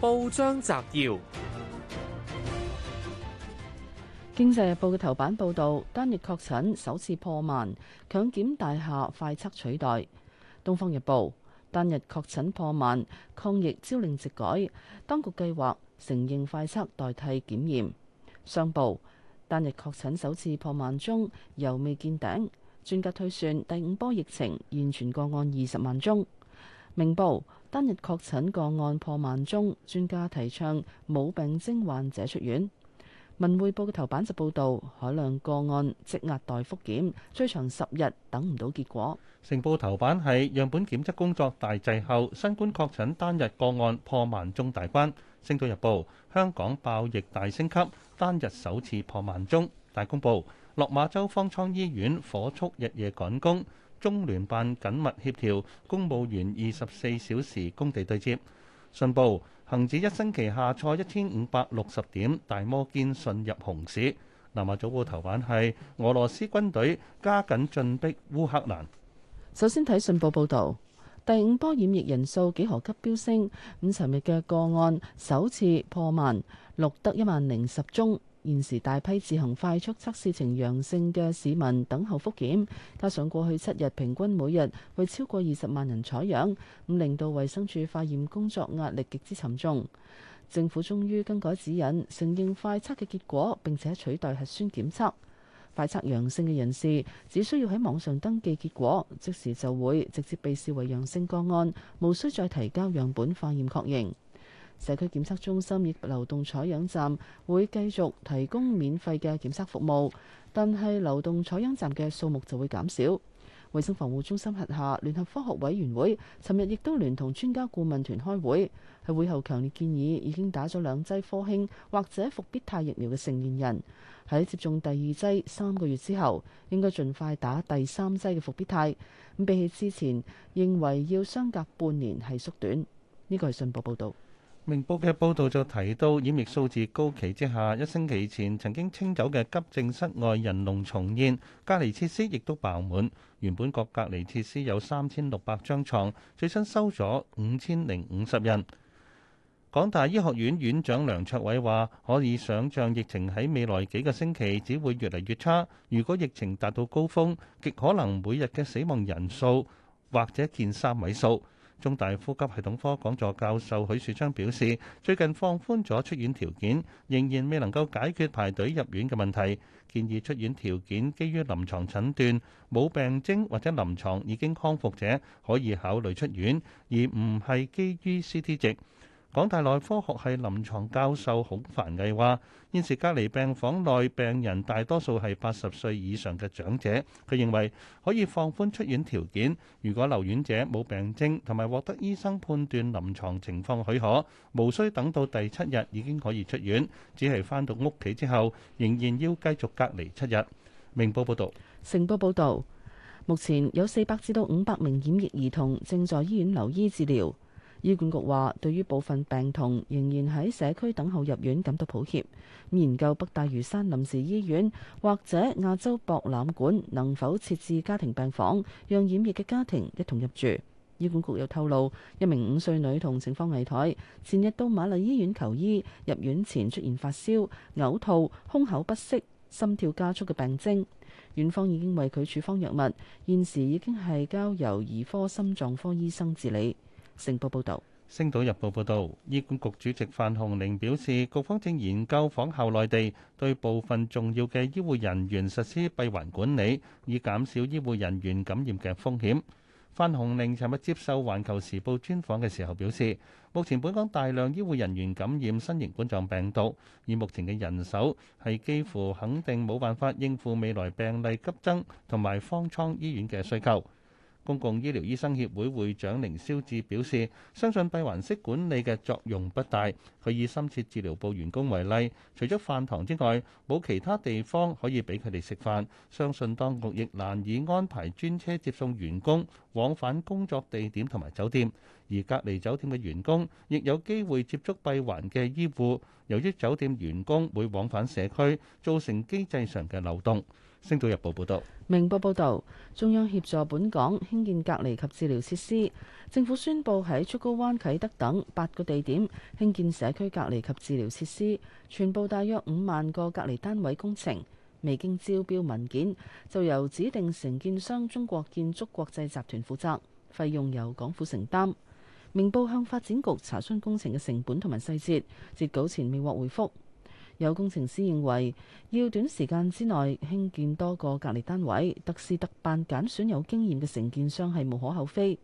報章摘要：經濟日報嘅頭版報道，單日確診首次破萬，強檢大廈快測取代。東方日報單日確診破萬，抗疫朝令夕改，當局計劃承認快測代替檢驗。商報單日確診首次破萬宗，又未見頂，專家推算第五波疫情現存個案二十萬宗。明報單日確診個案破萬宗，專家提倡冇病徵患者出院。文匯報嘅頭版就報導海量個案積壓待復檢，最長十日等唔到結果。成報頭版係樣本檢測工作大滯後，新冠確診單日個案破萬宗大關。星島日報香港爆疫大升級，單日首次破萬宗。大公報落馬洲方艙醫院火速日夜趕工。中聯辦緊密協調，公務員二十四小時工地對接。信報：恆指一星期下挫一千五百六十點，大摩堅信入熊市。南華早報頭版係俄羅斯軍隊加緊進逼烏克蘭。首先睇信報報導，第五波染疫人數幾何級飆升，五尋日嘅個案首次破萬，錄得一萬零十宗。現時大批自行快速測試呈陽性嘅市民等候復檢，加上過去七日平均每日為超過二十萬人採樣，咁令到衞生署化驗工作壓力極之沉重。政府終於更改指引，承認快測嘅結果並且取代核酸檢測。快測陽性嘅人士只需要喺網上登記結果，即時就會直接被視為陽性個案，無需再提交樣本化驗確認。社區檢測中心亦流動採樣站會繼續提供免費嘅檢測服務，但係流動採樣站嘅數目就會減少。衛生防護中心轄下聯合科學委員會尋日亦都聯同專家顧問團開會，喺會後強烈建議已經打咗兩劑科興或者復必泰疫苗嘅成年人，喺接種第二劑三個月之後應該盡快打第三劑嘅復必泰。咁比起之前認為要相隔半年係縮短。呢個係信報報導。明報嘅報導就提到，染疫數字高企之下，一星期前曾經清走嘅急症室外人龍重現，隔離設施亦都爆滿。原本個隔離設施有三千六百張床，最新收咗五千零五十人。港大醫學院院長梁卓偉話：可以想像疫情喺未來幾個星期只會越嚟越差。如果疫情達到高峰，極可能每日嘅死亡人數或者見三位數。中大呼吸系統科講座教授許樹昌表示，最近放寬咗出院條件，仍然未能夠解決排隊入院嘅問題，建議出院條件基於臨床診斷，冇病徵或者臨床已經康復者可以考慮出院，而唔係基於 CT 值。港大內科學系臨床教授孔凡毅話：現時隔離病房內病人大多數係八十歲以上嘅長者，佢認為可以放寬出院條件。如果留院者冇病徵，同埋獲得醫生判斷臨床情況許可，無需等到第七日已經可以出院，只係返到屋企之後仍然要繼續隔離七日。明報報道，成報報導，目前有四百至到五百名染疫兒童正在醫院留醫治療。醫管局話，對於部分病童仍然喺社區等候入院，感到抱歉。研究北大嶼山臨時醫院或者亞洲博覽館能否設置家庭病房，讓染疫嘅家庭一同入住。醫管局又透露，一名五歲女童情況危殆，前日到瑪麗醫院求醫，入院前出現發燒、嘔吐、胸口不適、心跳加速嘅病徵，院方已經為佢處方藥物，現時已經係交由兒科心臟科醫生治理。《成報》報導，《星島日報》報導，醫管局主席范鴻齡表示，局方正研究仿效內地，對部分重要嘅醫護人員實施閉環管理，以減少醫護人員感染嘅風險。范鴻齡尋日接受《環球時報》專訪嘅時候表示，目前本港大量醫護人員感染新型冠狀病毒，以目前嘅人手係幾乎肯定冇辦法應付未來病例急增同埋方艙醫院嘅需求。公共醫療醫生協會會長凌霄志表示，相信閉環式管理嘅作用不大。佢以深切治療部員工為例，除咗飯堂之外，冇其他地方可以俾佢哋食飯。相信當局亦難以安排專車接送員工往返工作地點同埋酒店。而隔離酒店嘅員工亦有機會接觸閉環嘅醫護。由於酒店員工會往返社區，造成機制上嘅漏洞。星島日報報道，明報報道，中央協助本港興建隔離及治療設施。政府宣布喺竹篙灣、啟德等八個地點興建社區隔離及治療設施，全部大約五萬個隔離單位工程，未經招標文件就由指定承建商中國建築國際集團負責，費用由港府承擔。明報向發展局查詢工程嘅成本同埋細節，截稿前未獲回覆。有工程師認為，要短時間之內興建多個隔離單位，特事特辦揀選有經驗嘅承建商係無可厚非。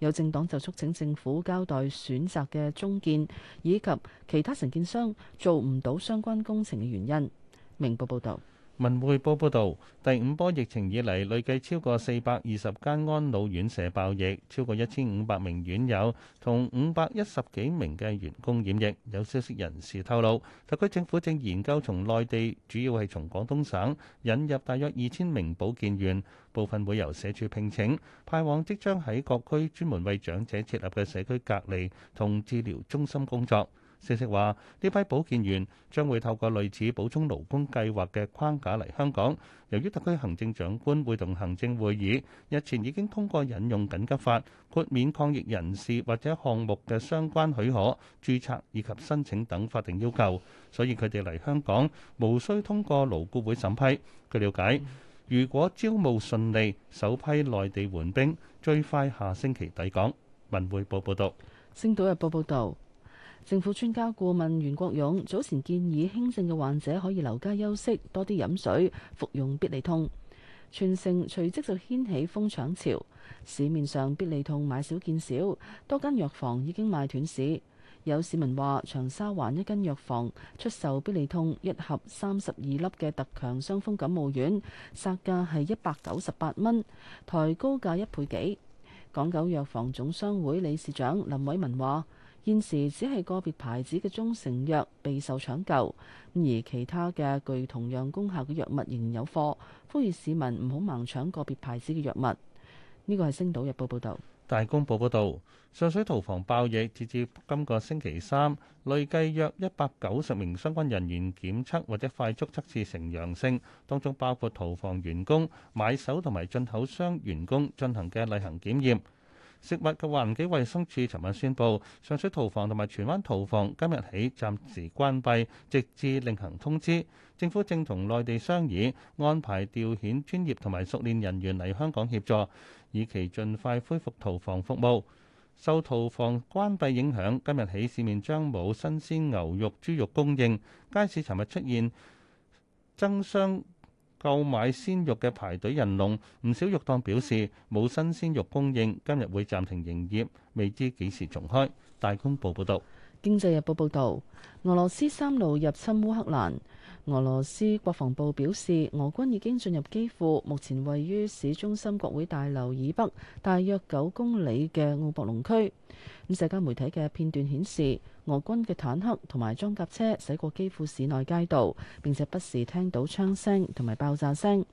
有政黨就促請政府交代選擇嘅中建以及其他承建商做唔到相關工程嘅原因。明報報道。文匯報報道，第五波疫情以嚟累計超過四百二十間安老院舍爆疫，超過一千五百名院友同五百一十幾名嘅員工染疫。有消息人士透露，特區政府正研究從內地，主要係從廣東省引入大約二千名保健員，部分會由社署聘請，派往即將喺各區專門為長者設立嘅社區隔離同治療中心工作。消息話，呢批保健員將會透過類似補充勞工計劃嘅框架嚟香港。由於特區行政長官會同行政會議日前已經通過引用緊急法豁免抗疫人士或者項目嘅相關許可、註冊以及申請等法定要求，所以佢哋嚟香港無需通過勞顧會審批。據了解，如果招募順利，首批內地援兵最快下星期抵港。文匯報報道。星島日報報道。政府專家顧問袁國勇早前建議輕症嘅患者可以留家休息，多啲飲水，服用必理痛。全城隨即就掀起瘋搶潮，市面上必理痛買少見少，多間藥房已經賣斷市。有市民話，長沙灣一間藥房出售必理痛一盒三十二粒嘅特強傷風感冒丸，殺價係一百九十八蚊，抬高價一倍幾。港九藥房總商會理事長林偉文話。現時只係個別牌子嘅中成藥備受搶購，而其他嘅具同樣功效嘅藥物仍然有貨。呼籲市民唔好盲搶個別牌子嘅藥物。呢個係星島日報報導。大公報報導，上水屠房爆疫，截至今個星期三，累計約一百九十名相關人員檢測或者快速測試呈陽性，當中包括屠房員工、買手同埋進口商員工進行嘅例行檢驗。食物及環境衞生署尋日宣布，上水屠房同埋荃灣屠房今日起暫時關閉，直至另行通知。政府正同內地商議安排調遣專業同埋熟練人員嚟香港協助，以期盡快恢復屠房服務。受屠房關閉影響，今日起市面將冇新鮮牛肉、豬肉供應。街市尋日出現爭相購買鮮肉嘅排隊人龍，唔少肉檔表示冇新鮮肉供應，今日會暫停營業，未知幾時重開。大公報報道：《經濟日報》報道，俄羅斯三路入侵烏克蘭。俄羅斯國防部表示，俄軍已經進入基庫，目前位於市中心國會大樓以北大約九公里嘅奧博龍區。咁，社交媒體嘅片段顯示，俄軍嘅坦克同埋裝甲車駛過基庫市內街道，並且不時聽到槍聲同埋爆炸聲。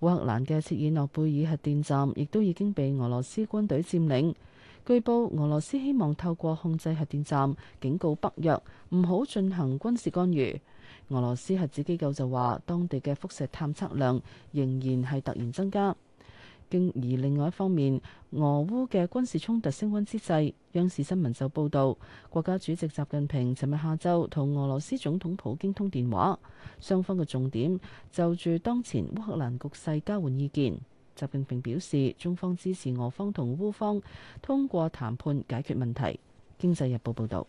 烏克蘭嘅切爾諾貝爾核電站亦都已經被俄羅斯軍隊佔領。據報，俄羅斯希望透過控制核電站，警告北約唔好進行軍事干預。俄羅斯核子機構就話，當地嘅輻射探測量仍然係突然增加。而另外一方面，俄烏嘅軍事衝突升溫之際，央視新聞就報導，國家主席習近平尋日下晝同俄羅斯總統普京通電話，雙方嘅重點就住當前烏克蘭局勢交換意見。習近平表示，中方支持俄方同烏方通過談判解決問題。經濟日報報導。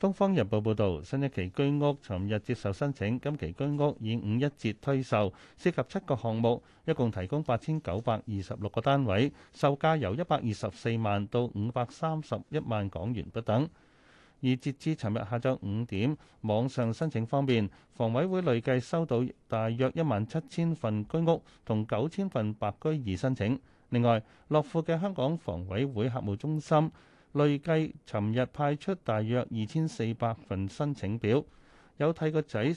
《東方日報》報導，新一期居屋尋日接受申請，今期居屋以五一折推售，涉及七個項目，一共提供八千九百二十六個單位，售價由一百二十四萬到五百三十一萬港元不等。而截至尋日下晝五點，網上申請方面，房委會累計收到大約一萬七千份居屋同九千份白居二申請。另外，樂富嘅香港房委會客務中心。累計尋日派出大約二千四百份申請表，有替個仔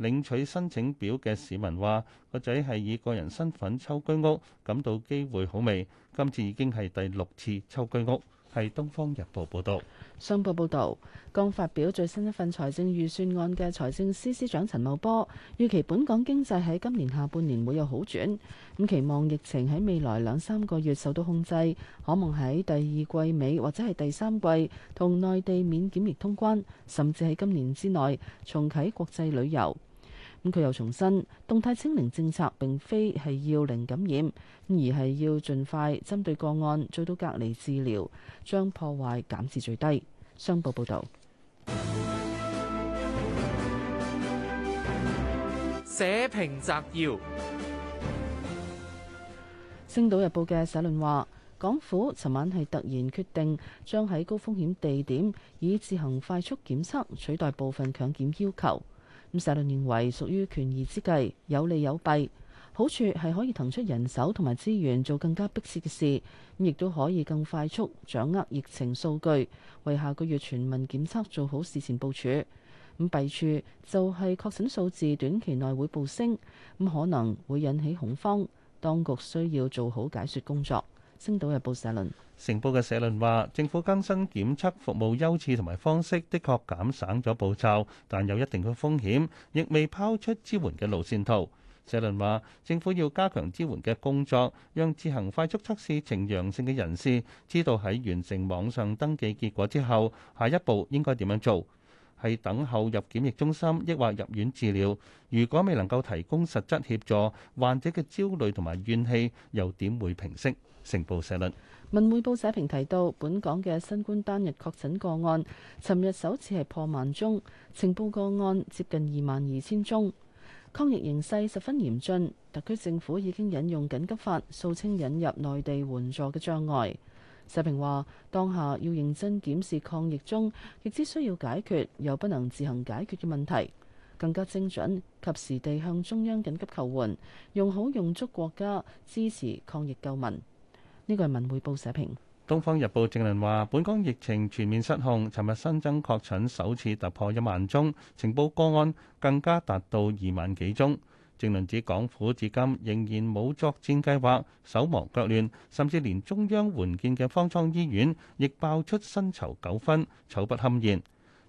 領取申請表嘅市民話：個仔係以個人身份抽居屋，感到機會好微。今次已經係第六次抽居屋。係《東方日報》報道，商報報道，剛發表最新一份財政預算案嘅財政司司長陳茂波，預期本港經濟喺今年下半年會有好轉，咁期望疫情喺未來兩三個月受到控制，可望喺第二季尾或者係第三季同內地免檢疫通關，甚至喺今年之內重啟國際旅遊。咁佢又重申，動態清零政策並非係要零感染，而係要盡快針對個案做到隔離治療，將破壞減至最低。商報報導。社評摘要，《星島日報》嘅社論話，港府尋晚係突然決定，將喺高風險地點以自行快速檢測取代部分強檢要求。咁社論認為屬於權宜之計，有利有弊。好處係可以騰出人手同埋資源做更加迫切嘅事，咁亦都可以更快速掌握疫情數據，為下個月全民檢測做好事前部署。咁弊處就係確診數字短期內會暴升，咁可能會引起恐慌，當局需要做好解說工作。《星島日報》社論，成報嘅社論話，政府更新檢測服務優次同埋方式，的確減省咗步驟，但有一定嘅風險，亦未拋出支援嘅路線圖。社論話，政府要加強支援嘅工作，讓自行快速測試呈陽性嘅人士知道喺完成網上登記結果之後，下一步應該點樣做？係等候入檢疫中心，抑或入院治療？如果未能夠提供實質協助，患者嘅焦慮同埋怨氣又點會平息？成報社論，文匯報社評提到，本港嘅新冠單日確診個案，尋日首次係破萬宗，呈報個案接近二萬二千宗，抗疫形勢十分嚴峻，特區政府已經引用緊急法，掃清引入內地援助嘅障礙。社評話，當下要認真檢視抗疫中亦只需要解決又不能自行解決嘅問題，更加精準，及時地向中央緊急求援，用好用足國家支持抗疫救民。呢個係文匯報社評，《東方日報》正論話：本港疫情全面失控，尋日新增確診首次突破一萬宗，呈報個案更加達到二萬幾宗。正論指港府至今仍然冇作戰計劃，手忙腳亂，甚至連中央援建嘅方艙醫院亦爆出薪酬糾紛，醜不堪言。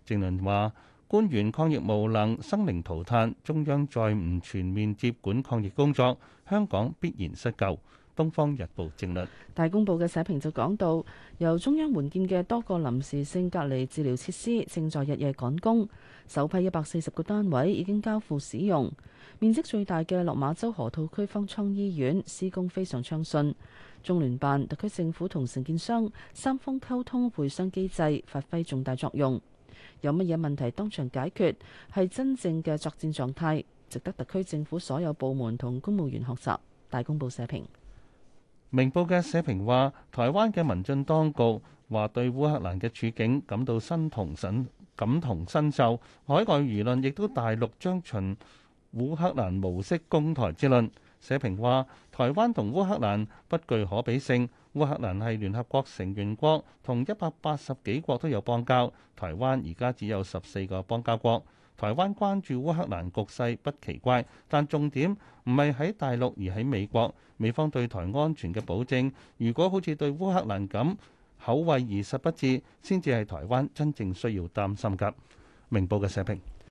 正論話：官員抗疫無能，生靈塗炭，中央再唔全面接管抗疫工作，香港必然失救。《東方日報》政論。大公報嘅社評就講到，由中央援建嘅多個臨時性隔離治療設施正在日夜趕工，首批一百四十個單位已經交付使用。面積最大嘅落馬洲河套區方艙醫院施工非常暢順，中聯辦、特區政府同承建商三方溝通會商機制發揮重大作用，有乜嘢問題當場解決，係真正嘅作戰狀態，值得特區政府所有部門同公務員學習。大公報社評。明報嘅社評話，台灣嘅民進當局話對烏克蘭嘅處境感到身同身感同身受，海外輿論亦都大陸將循烏克蘭模式攻台之論。社評話，台灣同烏克蘭不具可比性，烏克蘭係聯合國成員國，同一百八十幾國都有邦交，台灣而家只有十四個邦交國。台灣關注烏克蘭局勢不奇怪，但重點唔係喺大陸而喺美國。美方對台安全嘅保證，如果好似對烏克蘭咁口惠而實不至，先至係台灣真正需要擔心㗎。明報嘅社評。